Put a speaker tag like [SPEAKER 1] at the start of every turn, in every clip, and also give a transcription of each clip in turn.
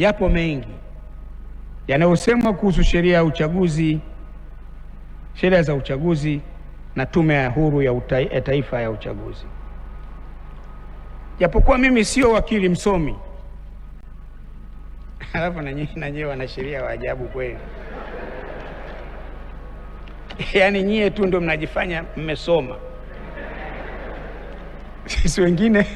[SPEAKER 1] Yapo mengi yanayosemwa kuhusu sheria ya uchaguzi, sheria za uchaguzi na tume ya huru ya, utai, taifa ya uchaguzi. Japokuwa mimi sio wakili msomi, alafu na nyinyi na wanasheria wa ajabu kweli. Yaani nyie tu ndio mnajifanya mmesoma, sisi wengine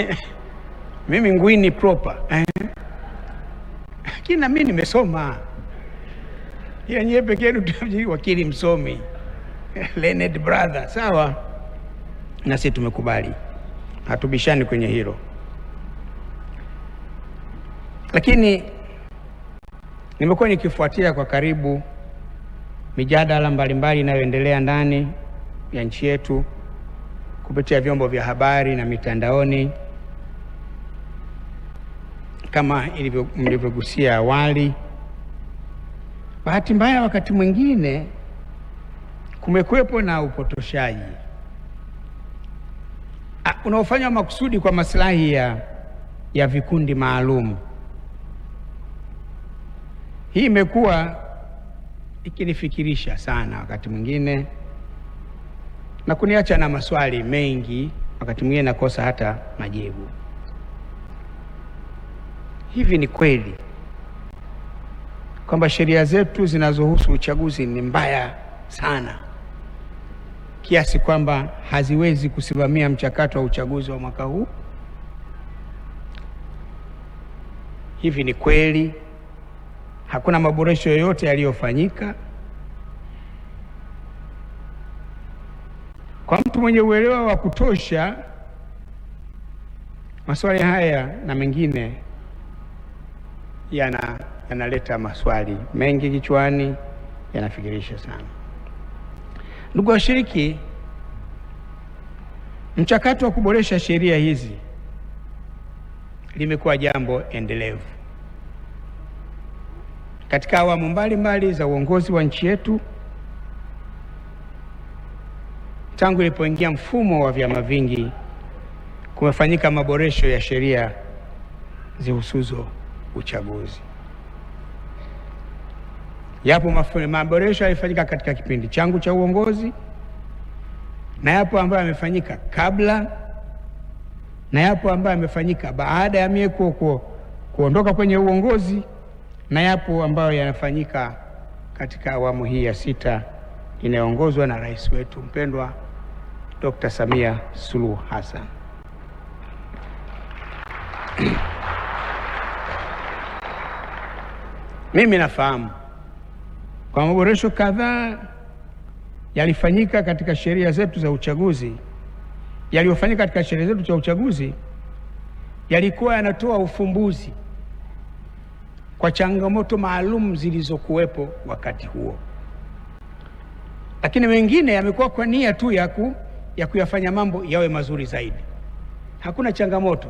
[SPEAKER 1] mimi ngwini proper eh? Lakini nami nimesoma yenyewe peke yetu, wakili msomi Leonard brother, sawa na sisi tumekubali, hatubishani kwenye hilo, lakini nimekuwa nikifuatia kwa karibu mijadala mbalimbali inayoendelea ndani ya nchi yetu kupitia vyombo vya habari na mitandaoni kama mlivyogusia awali. Bahati mbaya, wakati mwingine kumekuwepo na upotoshaji ah, unaofanywa makusudi kwa maslahi ya, ya vikundi maalum. Hii imekuwa ikinifikirisha sana wakati mwingine na kuniacha na maswali mengi, wakati mwingine nakosa hata majibu. Hivi ni kweli kwamba sheria zetu zinazohusu uchaguzi ni mbaya sana kiasi kwamba haziwezi kusimamia mchakato wa uchaguzi wa mwaka huu? Hivi ni kweli hakuna maboresho yoyote yaliyofanyika? Kwa mtu mwenye uelewa wa kutosha, maswali haya na mengine yana yanaleta maswali mengi kichwani, yanafikirisha sana. Ndugu washiriki, mchakato wa kuboresha sheria hizi limekuwa jambo endelevu katika awamu mbalimbali za uongozi wa nchi yetu. Tangu ilipoingia mfumo wa vyama vingi, kumefanyika maboresho ya sheria zihusuzo uchaguzi. Yapo maboresho yalifanyika katika kipindi changu cha uongozi na yapo ambayo yamefanyika kabla na yapo ambayo yamefanyika baada ya mie kuondoka kwenye uongozi na yapo ambayo yanafanyika katika awamu hii ya sita inayoongozwa na rais wetu mpendwa Dr. Samia Suluhu Hassan. Mimi nafahamu kwa maboresho kadhaa yalifanyika katika sheria zetu za uchaguzi, yaliyofanyika katika sheria zetu za uchaguzi yalikuwa yanatoa ufumbuzi kwa changamoto maalum zilizokuwepo wakati huo, lakini mengine yamekuwa kwa nia tu ya ku, ya kuyafanya mambo yawe mazuri zaidi. Hakuna changamoto,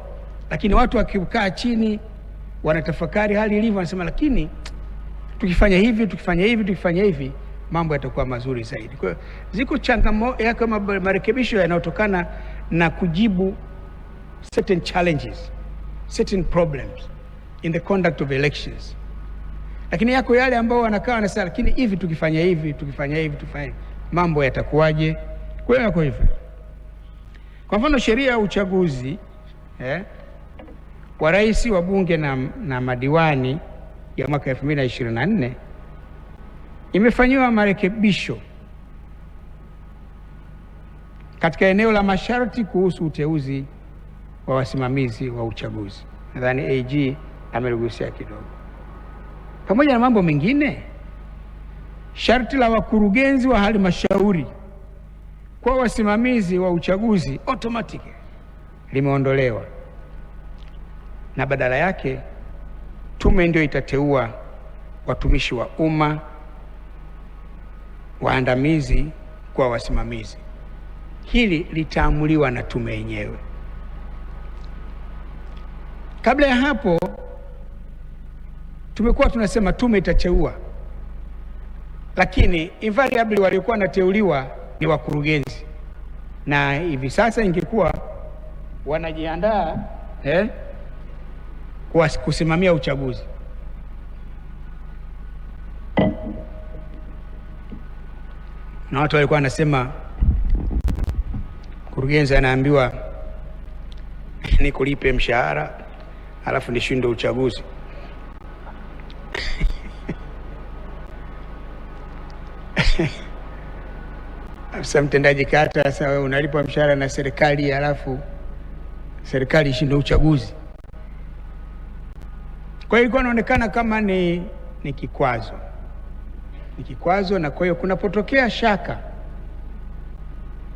[SPEAKER 1] lakini watu wakikaa chini wanatafakari hali ilivyo, wanasema lakini tukifanya hivi tukifanya hivi tukifanya hivi mambo yatakuwa mazuri zaidi. Kwa hiyo ziko changamoto yake marekebisho yanayotokana na kujibu certain challenges, certain problems in the conduct of elections, lakini yako yale ambao wanakaa wanasema, lakini hivi tukifanya hivi tukifanya hivi tufanye mambo yatakuwaje? Kwa hiyo yako hivyo. Kwa mfano sheria ya uchaguzi eh, wa rais wa bunge na, na madiwani ya mwaka 2024 imefanyiwa marekebisho katika eneo la masharti kuhusu uteuzi wa wasimamizi wa uchaguzi. Nadhani AG ameligusia kidogo. Pamoja na mambo mengine, sharti la wakurugenzi wa halmashauri kwa wasimamizi wa uchaguzi automatic limeondolewa na badala yake tume ndio itateua watumishi wa umma waandamizi kwa wasimamizi. Hili litaamuliwa na tume yenyewe. Kabla ya hapo, tumekuwa tunasema tume itateua, lakini invariably waliokuwa wanateuliwa ni wakurugenzi, na hivi sasa ingekuwa wanajiandaa eh? kusimamia uchaguzi. Na watu walikuwa wanasema mkurugenzi anaambiwa ni kulipe mshahara alafu nishinde uchaguzi. Afisa mtendaji kata, sasa wewe unalipwa mshahara na serikali, alafu serikali ishinde uchaguzi. Kwa hiyo ilikuwa inaonekana kama ni, ni kikwazo ni kikwazo, na kwa hiyo kunapotokea shaka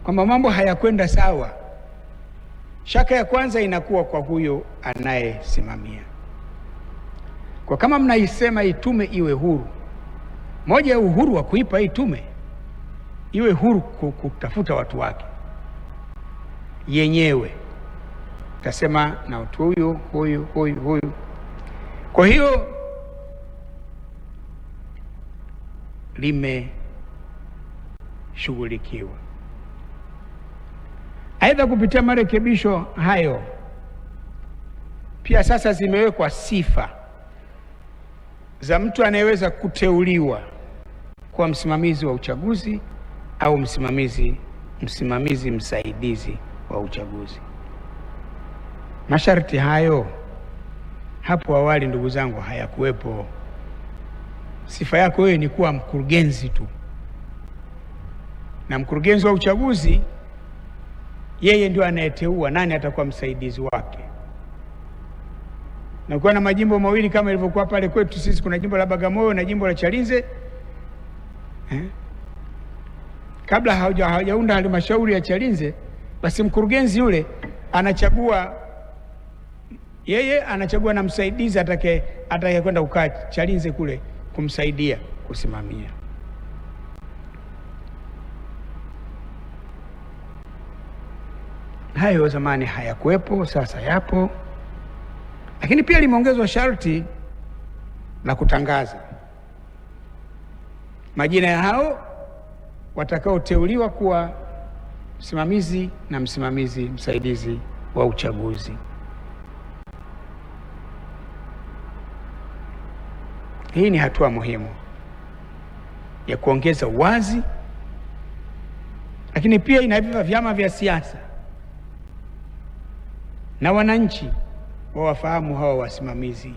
[SPEAKER 1] kwamba mambo hayakwenda sawa, shaka ya kwanza inakuwa kwa huyo anayesimamia. Kwa kama mnaisema hii tume iwe huru, moja ya uhuru wa kuipa hii tume iwe huru kutafuta watu wake yenyewe, tasema na watu huyo huyo huyo huyu kwa hiyo limeshughulikiwa. Aidha, kupitia marekebisho hayo pia sasa zimewekwa sifa za mtu anayeweza kuteuliwa kuwa msimamizi wa uchaguzi au msimamizi msimamizi msaidizi wa uchaguzi. Masharti hayo hapo awali, ndugu zangu, hayakuwepo. Sifa yako wewe ni kuwa mkurugenzi tu, na mkurugenzi wa uchaguzi yeye ndio anayeteua nani atakuwa msaidizi wake. Na ukiwa na majimbo mawili kama ilivyokuwa pale kwetu sisi, kuna jimbo la Bagamoyo na jimbo la Chalinze eh? kabla hawajaunda halmashauri ya Chalinze, basi mkurugenzi yule anachagua yeye anachagua na msaidizi atake atake kwenda kukaa Chalinze kule kumsaidia kusimamia. Hayo zamani hayakuwepo, sasa yapo. Lakini pia limeongezwa sharti la kutangaza majina ya hao watakaoteuliwa kuwa msimamizi na msimamizi msaidizi wa uchaguzi. Hii ni hatua muhimu ya kuongeza uwazi, lakini pia inavipa vyama vya siasa na wananchi wawafahamu hawa wasimamizi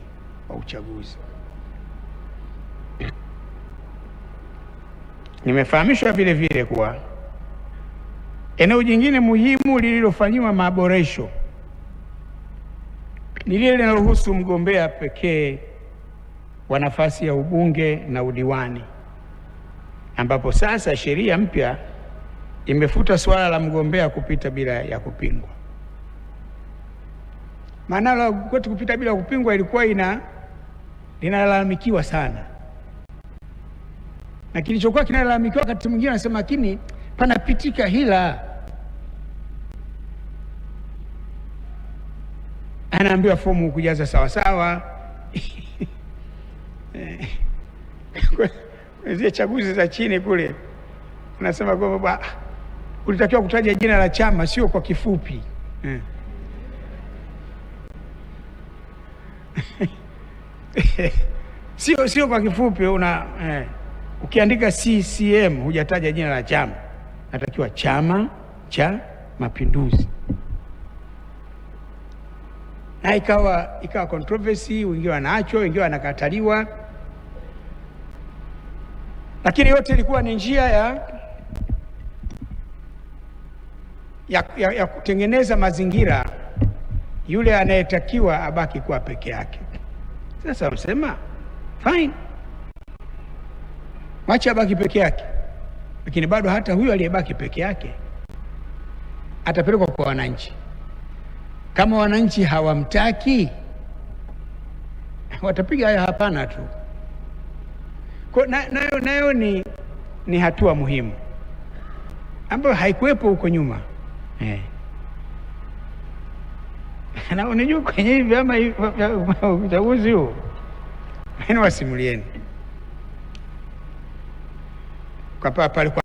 [SPEAKER 1] wa uchaguzi. Nimefahamishwa vile vile kuwa eneo jingine muhimu lililofanyiwa maboresho ni lile linalohusu mgombea pekee wa nafasi ya ubunge na udiwani, ambapo sasa sheria mpya imefuta suala la mgombea kupita bila ya kupingwa. Maana la kwetu kupita bila kupingwa ilikuwa ina linalalamikiwa sana, na kilichokuwa kinalalamikiwa wakati mwingine anasema, lakini panapitika hila, anaambiwa fomu kujaza sawasawa kwenye eh. chaguzi za chini kule, anasema kwamba ulitakiwa kutaja jina la chama, sio kwa kifupi eh. sio sio kwa kifupi una eh. Ukiandika CCM hujataja jina la chama, natakiwa Chama cha Mapinduzi. Na ikawa ikawa controversy, wengine wanaacho, wengine wanakataliwa. Lakini yote ilikuwa ni njia ya, ya, ya, ya kutengeneza mazingira yule anayetakiwa abaki kuwa peke yake. Sasa msema fine, mwache abaki peke yake, lakini bado hata huyo aliyebaki peke yake atapelekwa kwa wananchi. Kama wananchi hawamtaki, watapiga haya hapana tu. Kwa nayo nayo ni, ni hatua muhimu ambayo haikuwepo huko nyuma eh. Na unajua kwenye hivi vyama uchaguzi huu mani wasimulieni kwa papa alikuwa